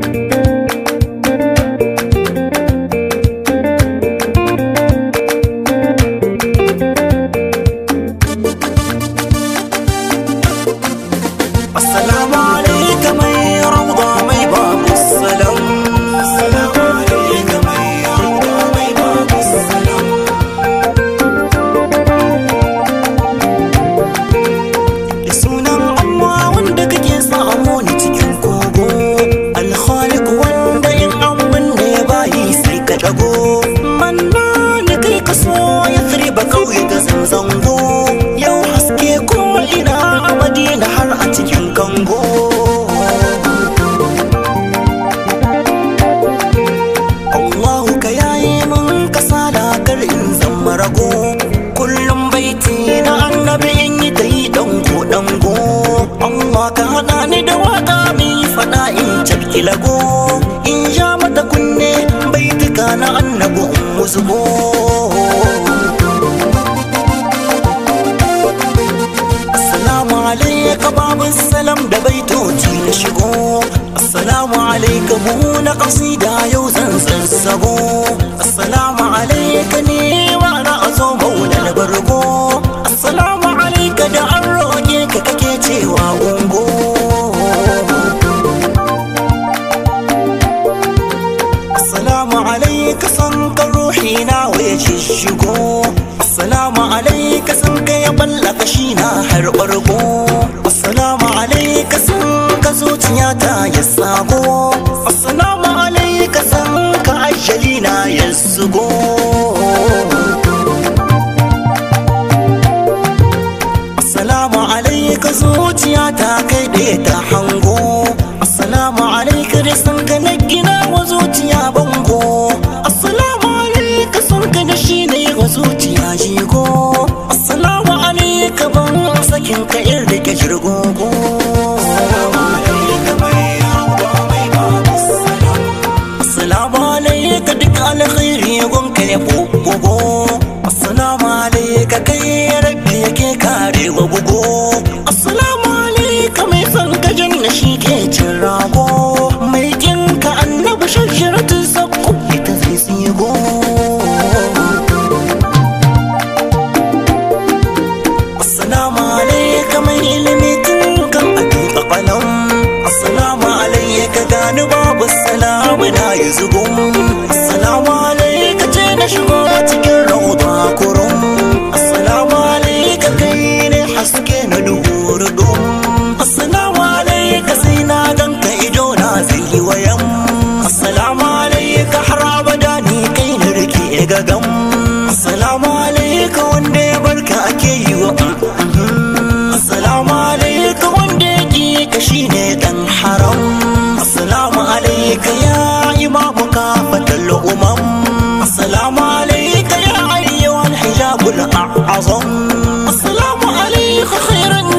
Thank you. zango yau haske ko ina har a cikin kango Allahu ka yaye min kasa da garin zama rago kullum baiti na annabi in yi ta yi dango dango amma ka hada ni da waka mi fada in cafki lago in ja mata kunne baitika na annabi in musugo kababin salam da baitoci na shigo assalamu alaikum na kasida yau zan sassago assalamu alaikum ne wa na azo mauna na bargo assalamu alaikum da an roƙe ka kake cewa ungo assalamu alaikum san ka ruhi na waye shigo assalamu alaikum san ka ya ballaka shi na har bargo ta kai ɗaya ta hango assalamu alaikar sun gane gina wa zuciya bango assalamu alaikar sun gane shi ne wa zuciya jigo assalamu alaikar ban sakin ka in rike shirgogo assalamu alaikar duk alkhairi gunka ya bugo assalamu alaikar kai rabbi ke kare wa bugo rago mai kinka annabi shashiratun sakko ita zai tsigo assalamu alaika mai ilimi tun kan a tuka assalamu gani babu salamu na yi zugun assalamu ce na shigo cikin ga gam salamu alaika wanda ya barka ake yi wa salamu alaika wanda ya ki ka ne dan haram salamu alaika ya imamu kafatal umam salamu alaika ya aliyu hijabul a'zam salamu alaika khairan